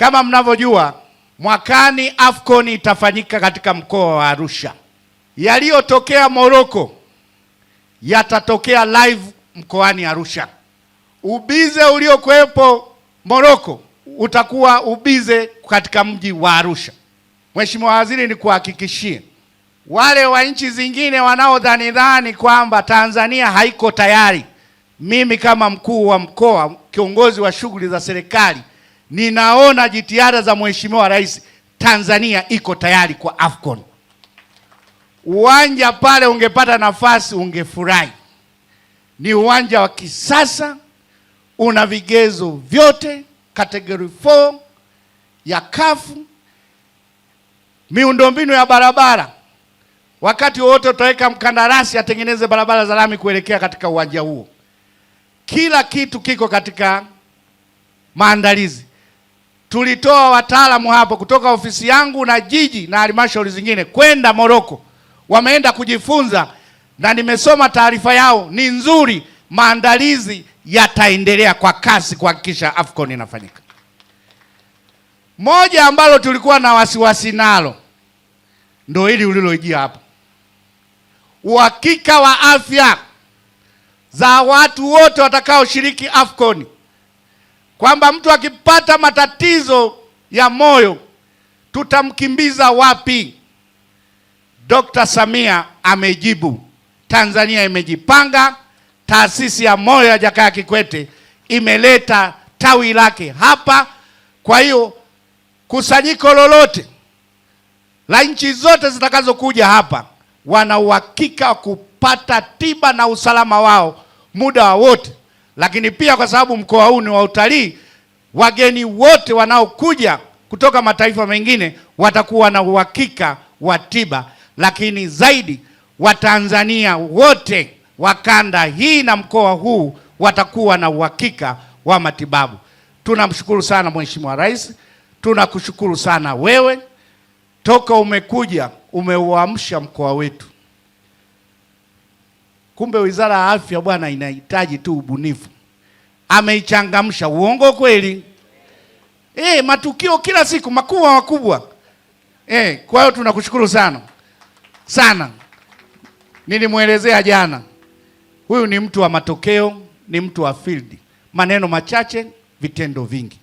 Kama mnavyojua mwakani AFCON itafanyika katika mkoa wa Arusha. Yaliyotokea moroko yatatokea live mkoani Arusha. Ubize uliokuwepo moroko utakuwa ubize katika mji wa Arusha. Mheshimiwa Waziri, nikuhakikishie wale wa nchi zingine wanaodhani dhani kwamba Tanzania haiko tayari, mimi kama mkuu wa mkoa, kiongozi wa shughuli za serikali ninaona jitihada za Mheshimiwa Rais, Tanzania iko tayari kwa AFCON. Uwanja pale ungepata nafasi ungefurahi. Ni uwanja wa kisasa, una vigezo vyote, category 4 ya kafu. Miundombinu ya barabara, wakati wowote utaweka mkandarasi atengeneze barabara za lami kuelekea katika uwanja huo. Kila kitu kiko katika maandalizi tulitoa wataalamu hapo kutoka ofisi yangu na jiji na halmashauri zingine kwenda Moroko, wameenda kujifunza na nimesoma taarifa yao, ni nzuri. Maandalizi yataendelea kwa kasi kuhakikisha AFCON inafanyika. Moja ambalo tulikuwa na wasiwasi nalo ndio hili uliloijia hapo, uhakika wa afya za watu wote watakaoshiriki AFCON kwamba mtu akipata matatizo ya moyo tutamkimbiza wapi? Dr. Samia amejibu. Tanzania imejipanga. Taasisi ya moyo ya Jakaya Kikwete imeleta tawi lake hapa. Kwa hiyo kusanyiko lolote la nchi zote zitakazokuja hapa, wana uhakika wa kupata tiba na usalama wao muda wote lakini pia kwa sababu mkoa huu ni wa utalii, wageni wote wanaokuja kutoka mataifa mengine watakuwa na uhakika wa tiba, lakini zaidi Watanzania wote wa kanda hii na mkoa huu watakuwa na uhakika wa matibabu. Tunamshukuru sana Mheshimiwa Rais, tunakushukuru sana wewe, toka umekuja umeuamsha mkoa wetu. Kumbe wizara ya afya bwana, inahitaji tu ubunifu. Ameichangamsha. Uongo kweli? E, matukio kila siku makubwa makubwa. E, kwa hiyo tunakushukuru sana sana. Nilimwelezea jana, huyu ni mtu wa matokeo, ni mtu wa field, maneno machache, vitendo vingi.